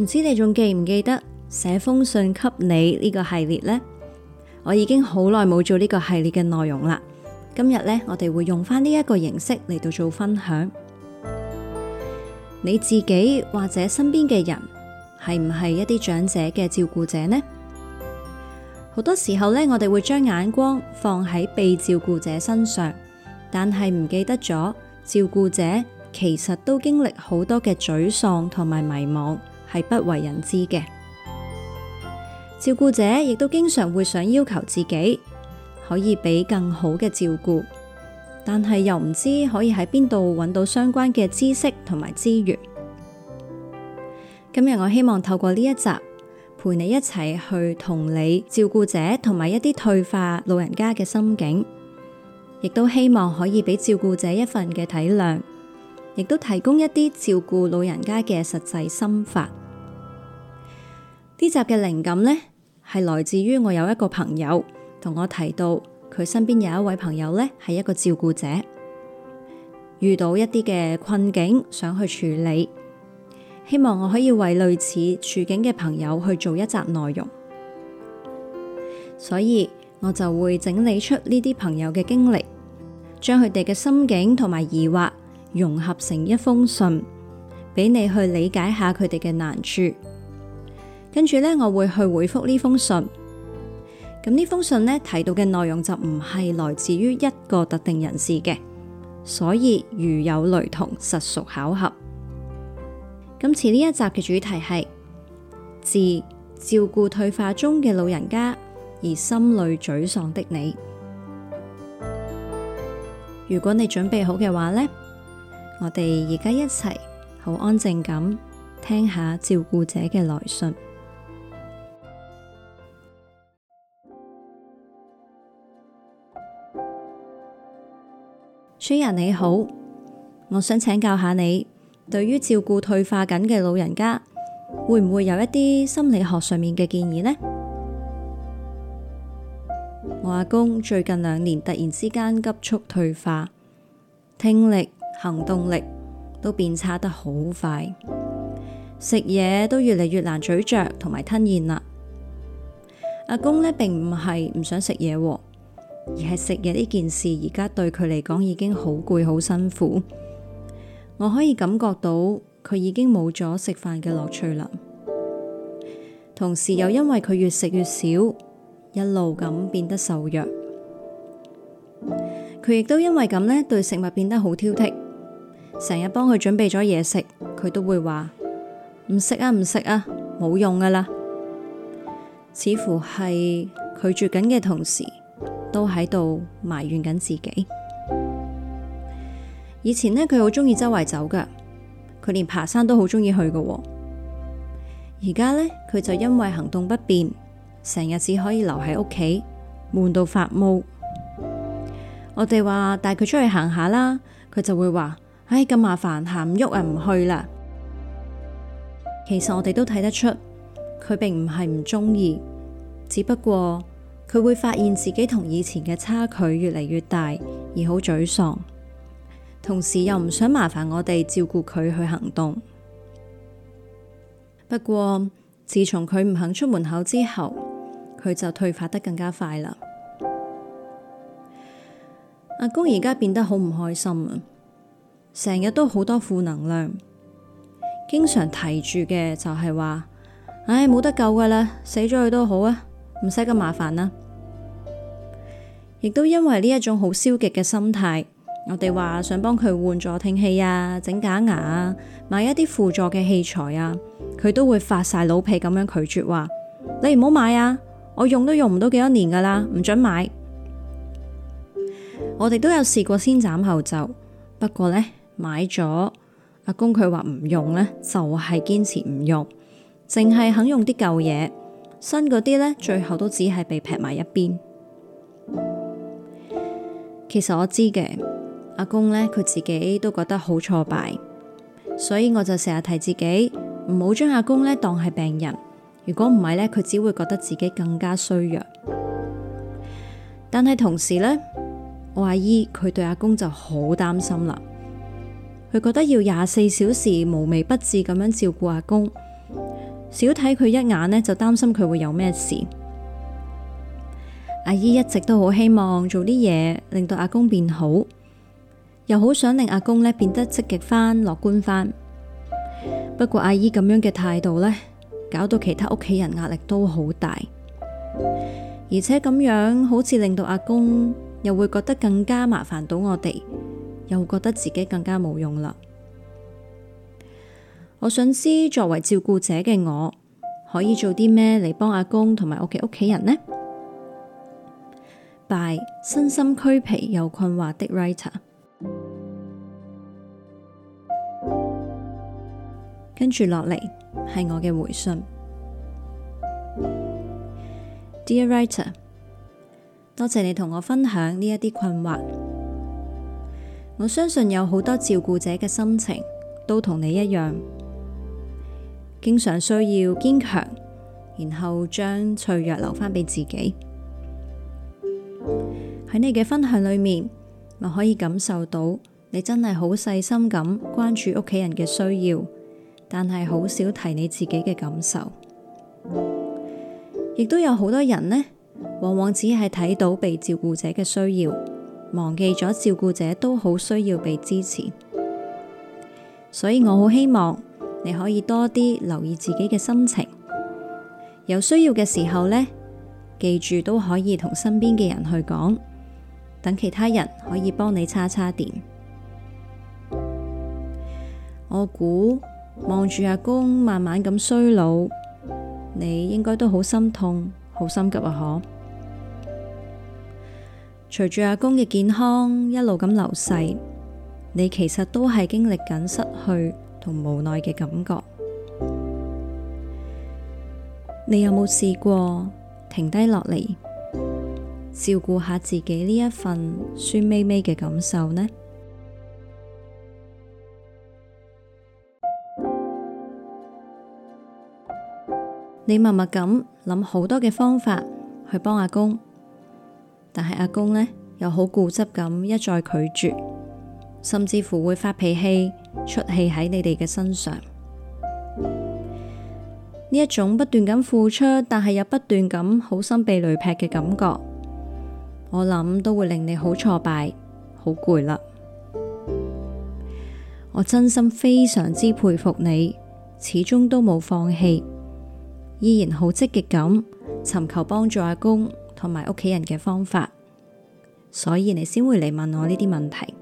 唔知你仲記唔記得寫封信給你呢個系列呢？我已經好耐冇做呢個系列嘅內容啦。今日呢，我哋會用翻呢一個形式嚟到做分享。你自己或者身邊嘅人係唔係一啲長者嘅照顧者呢？好多時候呢，我哋會將眼光放喺被照顧者身上，但係唔記得咗照顧者其實都經歷好多嘅沮喪同埋迷茫。係不為人知嘅，照顧者亦都經常會想要求自己可以俾更好嘅照顧，但係又唔知可以喺邊度搵到相關嘅知識同埋資源。今日我希望透過呢一集，陪你一齊去同理照顧者同埋一啲退化老人家嘅心境，亦都希望可以俾照顧者一份嘅體諒，亦都提供一啲照顧老人家嘅實際心法。呢集嘅靈感呢，係來自於我有一個朋友同我提到，佢身邊有一位朋友呢，係一個照顧者，遇到一啲嘅困境，想去處理，希望我可以為類似處境嘅朋友去做一集內容，所以我就會整理出呢啲朋友嘅經歷，將佢哋嘅心境同埋疑惑融合成一封信，俾你去理解下佢哋嘅難處。跟住呢，我會去回覆呢封信。咁呢封信呢，提到嘅內容就唔係來自於一個特定人士嘅，所以如有雷同，實屬巧合。今次呢一集嘅主題係：自照顧退化中嘅老人家，而心累沮喪的你。如果你準備好嘅話呢，我哋而家一齊好安靜咁聽下照顧者嘅來信。主人你好，我想請教下你，對於照顧退化緊嘅老人家，會唔會有一啲心理學上面嘅建議呢？我阿公最近兩年突然之間急速退化，聽力、行動力都變差得好快，食嘢都越嚟越難咀嚼同埋吞嚥啦。阿公咧並唔係唔想食嘢。而係食嘢呢件事，而家對佢嚟講已經好攰好辛苦。我可以感覺到佢已經冇咗食飯嘅樂趣啦。同時又因為佢越食越少，一路咁變得瘦弱。佢亦都因為咁呢對食物變得好挑剔。成日幫佢準備咗嘢食，佢都會話唔食啊，唔食啊，冇用噶啦。似乎係拒絕緊嘅同時。都喺度埋怨緊自己。以前呢，佢好鍾意周圍走噶佢連爬山都好鍾意去噶。而家呢，佢就因為行動不便，成日只可以留喺屋企，悶到發毛。我哋話帶佢出去行下啦，佢就會話：唉、哎，咁麻煩，行唔喐啊，唔去啦。其實我哋都睇得出，佢並唔係唔鍾意，只不過。佢會發現自己同以前嘅差距越嚟越大，而好沮喪。同時又唔想麻煩我哋照顧佢去行動。不過自從佢唔肯出門口之後，佢就退化得更加快啦。阿公而家變得好唔開心啊，成日都好多負能量，經常提住嘅就係話：唉，冇得救噶啦，死咗佢都好啊。唔使咁麻煩啦，亦都因為呢一種好消極嘅心態，我哋話想幫佢換助聽器啊，整假牙啊，買一啲輔助嘅器材啊，佢都會發晒老脾咁樣拒絕話：「你唔好買啊，我用都用唔到幾多年噶啦，唔准買。我哋都有試過先斬後奏，不過呢，買咗阿公佢話唔用呢，就係、是、堅持唔用，淨係肯用啲舊嘢。新嗰啲呢，最後都只係被劈埋一邊。其實我知嘅阿公呢，佢自己都覺得好挫敗，所以我就成日提自己唔好將阿公呢當係病人。如果唔係呢，佢只會覺得自己更加衰弱。但係同時呢，我阿姨佢對阿公就好擔心啦，佢覺得要廿四小時無微不至咁樣照顧阿公。少睇佢一眼呢，就擔心佢會有咩事。阿姨一直都好希望做啲嘢，令到阿公變好，又好想令阿公呢變得積極翻、樂觀翻。不過阿姨咁樣嘅態度呢，搞到其他屋企人壓力都好大，而且咁樣好似令到阿公又會覺得更加麻煩到我哋，又覺得自己更加冇用啦。我想知作為照顧者嘅我可以做啲咩嚟幫阿公同埋屋企屋企人呢？By 身心俱疲又困惑的 writer，跟住落嚟係我嘅回信，Dear writer，多謝你同我分享呢一啲困惑。我相信有好多照顧者嘅心情都同你一樣。經常需要堅強，然後將脆弱留翻畀自己。喺你嘅分享裏面，我可以感受到你真係好細心咁關注屋企人嘅需要，但係好少提你自己嘅感受。亦都有好多人呢，往往只係睇到被照顧者嘅需要，忘記咗照顧者都好需要被支持。所以我好希望。你可以多啲留意自己嘅心情，有需要嘅時候呢，記住都可以同身邊嘅人去講，等其他人可以幫你叉叉電。我估望住阿公慢慢咁衰老，你應該都好心痛、好心急啊！可隨住阿公嘅健康一路咁流逝，你其實都係經歷緊失去同無奈嘅感覺，你有冇試過停低落嚟照顧下自己呢一份酸咪咪嘅感受呢？你默默咁諗好多嘅方法去幫阿公，但係阿公呢又好固執咁一再拒絕。甚至乎會發脾氣，出氣喺你哋嘅身上。呢一種不斷咁付出，但係又不斷咁好心被雷劈嘅感覺，我諗都會令你好挫敗、好攰啦。我真心非常之佩服你，始終都冇放棄，依然好積極咁尋求幫助阿公同埋屋企人嘅方法，所以你先會嚟問我呢啲問題。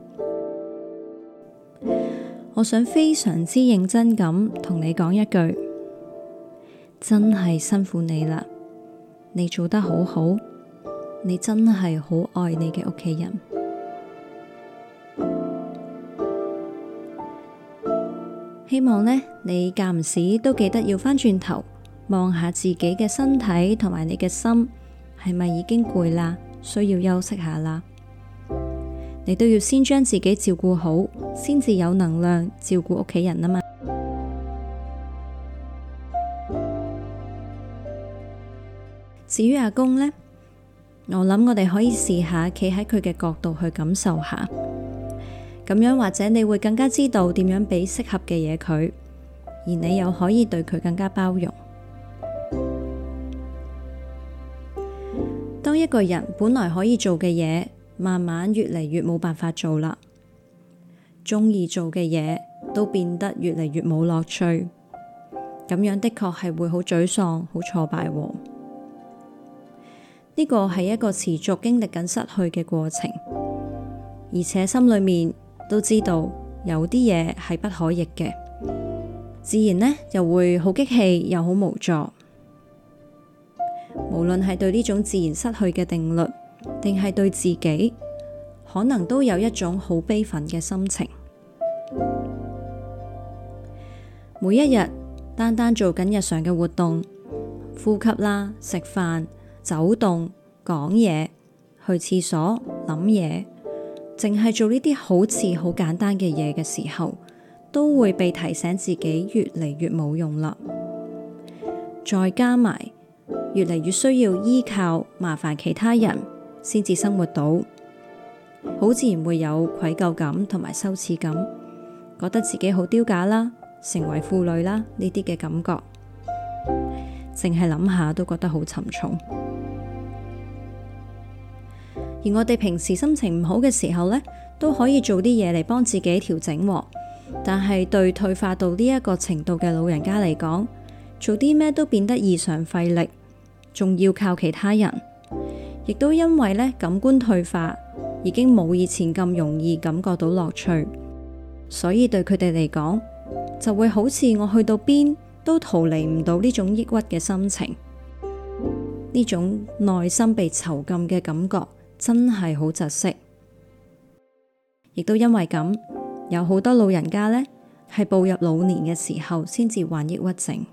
我想非常之認真咁同你講一句，真係辛苦你啦！你做得好好，你真係好愛你嘅屋企人。希望呢，你間唔時都記得要返轉頭望下自己嘅身體同埋你嘅心，係咪已經攰啦？需要休息下啦。你都要先將自己照顧好，先至有能量照顧屋企人啊嘛。至於阿公呢，我諗我哋可以試下企喺佢嘅角度去感受下，咁樣或者你會更加知道點樣俾適合嘅嘢佢，而你又可以對佢更加包容。當一個人本來可以做嘅嘢，慢慢越嚟越冇辦法做啦，中意做嘅嘢都變得越嚟越冇樂趣，咁樣的確係會好沮喪、好挫敗。呢個係一個持續經歷緊失去嘅過程，而且心裏面都知道有啲嘢係不可逆嘅，自然呢又會好激氣又好無助。無論係對呢種自然失去嘅定律。定係對自己，可能都有一種好悲憤嘅心情。每一日單單做緊日常嘅活動，呼吸啦、食飯、走動、講嘢、去廁所、諗嘢，淨係做呢啲好似好簡單嘅嘢嘅時候，都會被提醒自己越嚟越冇用啦。再加埋，越嚟越需要依靠麻煩其他人。先至生活到，好自然會有愧疚感同埋羞恥感，覺得自己好丟架啦，成為負累啦，呢啲嘅感覺，淨係諗下都覺得好沉重。而我哋平時心情唔好嘅時候咧，都可以做啲嘢嚟幫自己調整，但係對退化到呢一個程度嘅老人家嚟講，做啲咩都變得異常費力，仲要靠其他人。亦都因為呢感官退化，已經冇以前咁容易感覺到樂趣，所以對佢哋嚟講，就會好似我去到邊都逃離唔到呢種抑鬱嘅心情，呢種內心被囚禁嘅感覺真係好窒息。亦都因為咁，有好多老人家呢，係步入老年嘅時候，先至患抑鬱症。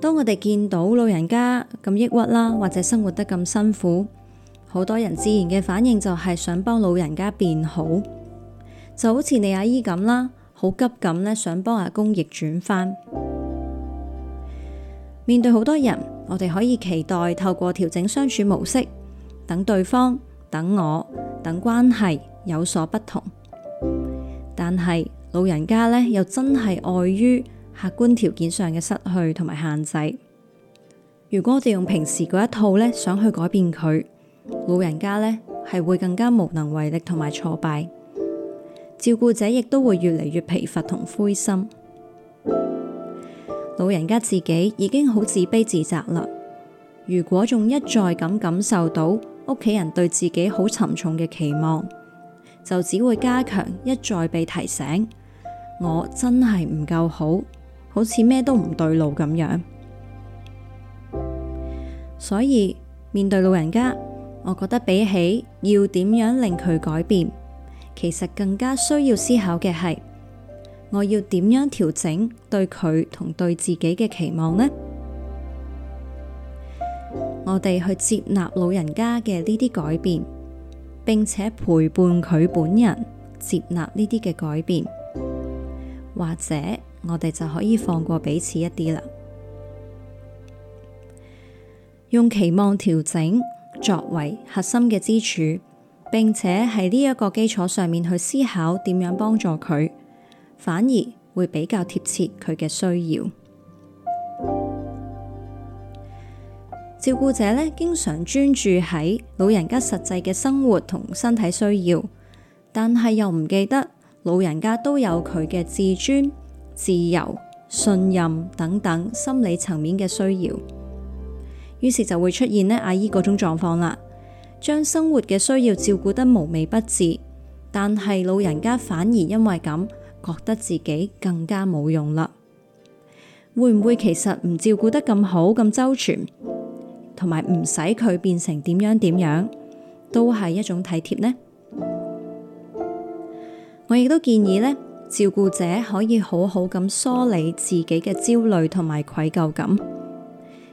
當我哋見到老人家咁抑鬱啦，或者生活得咁辛苦，好多人自然嘅反應就係想幫老人家變好，就好似你阿姨咁啦，好急咁呢，想幫阿公逆轉翻。面對好多人，我哋可以期待透過調整相處模式，等對方、等我、等關係有所不同。但係老人家呢，又真係礙於。客觀條件上嘅失去同埋限制，如果我哋用平時嗰一套呢，想去改變佢，老人家呢係會更加無能為力同埋挫敗，照顧者亦都會越嚟越疲乏同灰心，老人家自己已經好自卑自責啦。如果仲一再咁感受到屋企人對自己好沉重嘅期望，就只會加強一再被提醒，我真係唔夠好。好似咩都唔對路咁樣，所以面對老人家，我覺得比起要點樣令佢改變，其實更加需要思考嘅係，我要點樣調整對佢同對自己嘅期望呢？我哋去接納老人家嘅呢啲改變，並且陪伴佢本人接納呢啲嘅改變，或者。我哋就可以放過彼此一啲啦。用期望調整作為核心嘅支柱，並且喺呢一個基礎上面去思考點樣幫助佢，反而會比較貼切佢嘅需要。照顧者呢，經常專注喺老人家實際嘅生活同身體需要，但係又唔記得老人家都有佢嘅自尊。自由、信任等等心理層面嘅需要，於是就會出現呢阿姨嗰種狀況啦。將生活嘅需要照顧得無微不至，但係老人家反而因為咁，覺得自己更加冇用啦。會唔會其實唔照顧得咁好，咁周全，同埋唔使佢變成點樣點樣，都係一種體貼呢？我亦都建議呢。照顧者可以好好咁梳理自己嘅焦慮同埋愧疚感，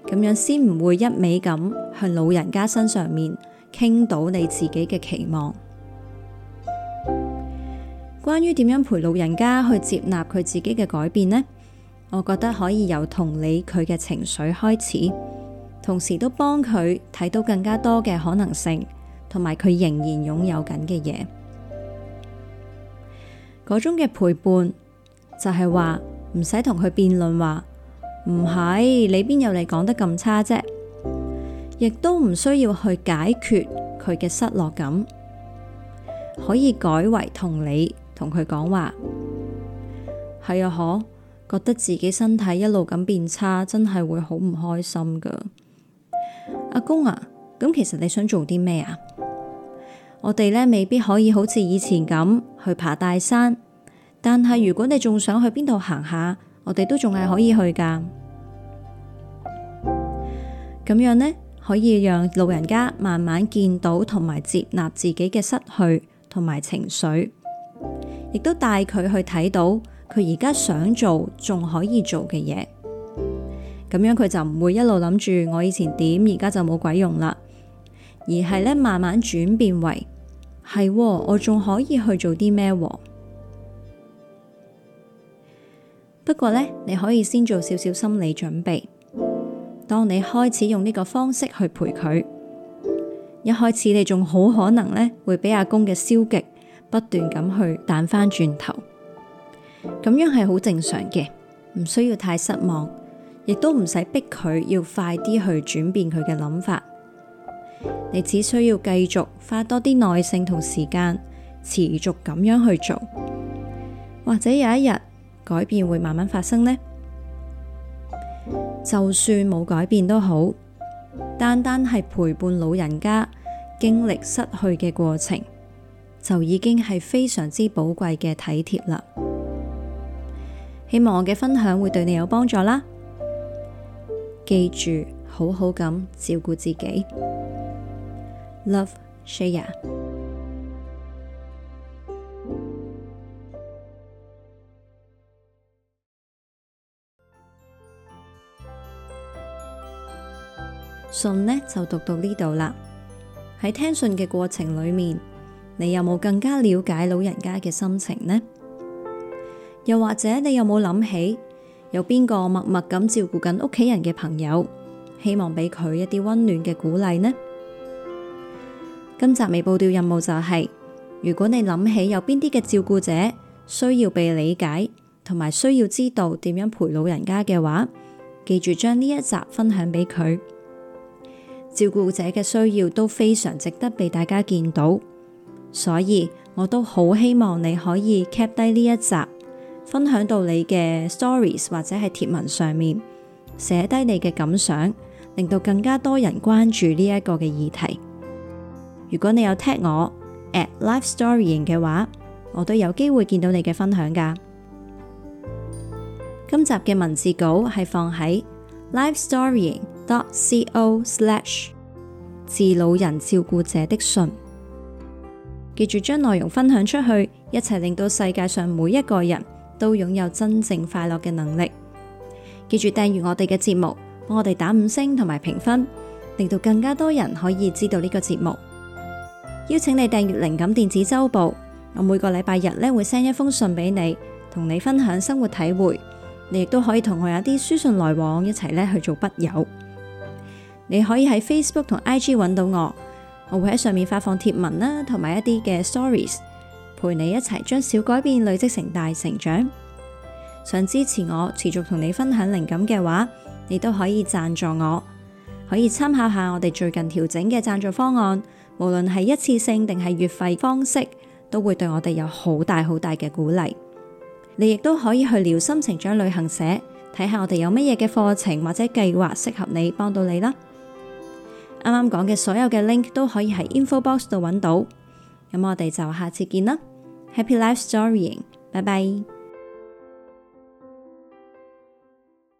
咁樣先唔會一味咁向老人家身上面傾倒你自己嘅期望。關於點樣陪老人家去接納佢自己嘅改變呢？我覺得可以由同理佢嘅情緒開始，同時都幫佢睇到更加多嘅可能性，同埋佢仍然擁有緊嘅嘢。嗰種嘅陪伴，就係話唔使同佢辯論，話唔係你邊有你講得咁差啫，亦都唔需要去解決佢嘅失落感，可以改為同你同佢講話，係啊，嗬，覺得自己身體一路咁變差，真係會好唔開心㗎。阿公啊，咁其實你想做啲咩啊？我哋咧未必可以好似以前咁。去爬大山，但係如果你仲想去邊度行下，我哋都仲係可以去噶。咁樣呢，可以讓老人家慢慢見到同埋接納自己嘅失去同埋情緒，亦都帶佢去睇到佢而家想做仲可以做嘅嘢。咁樣佢就唔會一路諗住我以前點，而家就冇鬼用啦，而係呢，慢慢轉變為。係，我仲可以去做啲咩？不過呢，你可以先做少少心理準備。當你開始用呢個方式去陪佢，一開始你仲好可能呢會俾阿公嘅消極不斷咁去彈翻轉頭，咁樣係好正常嘅，唔需要太失望，亦都唔使逼佢要快啲去轉變佢嘅諗法。你只需要繼續花多啲耐性同時間，持續咁樣去做，或者有一日改變會慢慢發生呢？就算冇改變都好，單單係陪伴老人家經歷失去嘅過程，就已經係非常之寶貴嘅體貼啦。希望我嘅分享會對你有幫助啦。記住，好好咁照顧自己。Love Share 信呢，就讀到呢度啦。喺聽信嘅過程裏面，你有冇更加了解老人家嘅心情呢？又或者你有冇諗起有邊個默默咁照顧緊屋企人嘅朋友，希望畀佢一啲溫暖嘅鼓勵呢？今集未報掉任務就係、是，如果你諗起有邊啲嘅照顧者需要被理解，同埋需要知道點樣陪老人家嘅話，記住將呢一集分享俾佢。照顧者嘅需要都非常值得被大家見到，所以我都好希望你可以 cap 低呢一集，分享到你嘅 stories 或者係貼文上面，寫低你嘅感想，令到更加多人關注呢一個嘅議題。如果你有踢我 at Life Storying 嘅話，我都有機會見到你嘅分享噶。今集嘅文字稿係放喺 Life Storying .co slash 致老人照顧者的信。記住將內容分享出去，一齊令到世界上每一個人都擁有真正快樂嘅能力。記住訂閱我哋嘅節目，幫我哋打五星同埋評分，令到更加多人可以知道呢個節目。邀請你訂閱靈感電子週報，我每個禮拜日咧會 send 一封信俾你，同你分享生活體會。你亦都可以同我有啲書信來往，一齊咧去做筆友。你可以喺 Facebook 同 IG 揾到我，我會喺上面發放貼文啦，同埋一啲嘅 Stories，陪你一齊將小改變累積成大成長。想支持我持續同你分享靈感嘅話，你都可以贊助我，可以參考下我哋最近調整嘅贊助方案。無論係一次性定係月費方式，都會對我哋有好大好大嘅鼓勵。你亦都可以去聊心成長旅行社睇下我哋有乜嘢嘅課程或者計劃適合你，幫到你啦。啱啱講嘅所有嘅 link 都可以喺 info box 度揾到。咁我哋就下次見啦。Happy Life Storying，拜拜。